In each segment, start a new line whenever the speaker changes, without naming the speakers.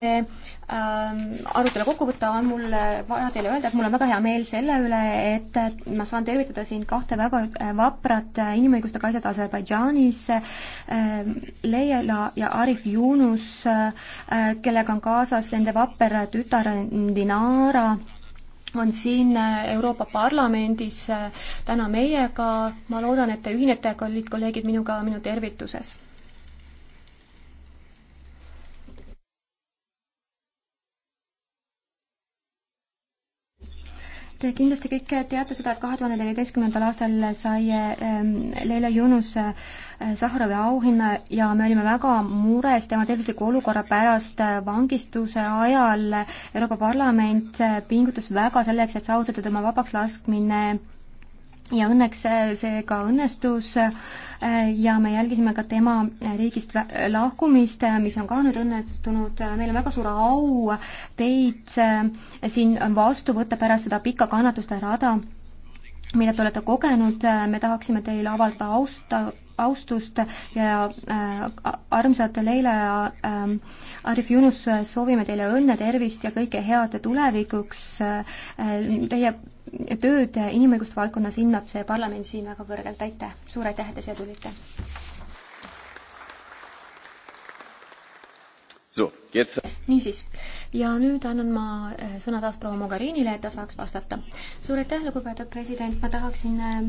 Ähm, arutelu kokku võtta, on mul vaja teile öelda, et mul on väga hea meel selle üle, et ma saan tervitada siin kahte väga äh, vaprat äh, inimõiguste kaitsjat Aserbaidžaanis, ähm, Leila ja Arif Yunus, äh, kellega on kaasas nende vapper tütar Dinara, on siin Euroopa Parlamendis täna meiega, ma loodan, et te ühinete, kallid kolleegid, minuga minu tervituses Te kindlasti kõik teate seda, et kahe tuhande neljateistkümnendal aastal sai ehm, Leila Yunus eh, Sahharovi auhinna ja me olime väga mures tema tervisliku olukorra pärast vangistuse ajal. Euroopa Parlament pingutas väga selleks, et saavutada tema vabaks laskmine ja õnneks äh, see ka õnnestus äh, ja me jälgisime ka tema riigist lahkumist, äh, mis on ka nüüd õnnestunud. meil on väga suur au teid siin vastu võtta pärast seda pikka kannatuste rada mida te olete kogenud, me tahaksime teile avaldada austa, austust ja äh, armsad Leila ja äh, Arif Yunus, soovime teile õnne, tervist ja kõike head tulevikuks äh,. Teie tööd inimõiguste valdkonnas hinnab see parlament siin väga kõrgelt, aitäh, suur aitäh, et te siia tulite! niisiis, ja nüüd annan ma äh, sõna taas proua Mogherinile, et ta saaks vastata. suur aitäh, lugupeetud president, ma tahaksin äh,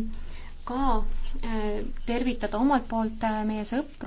ka äh, tervitada omalt poolt meie sõpru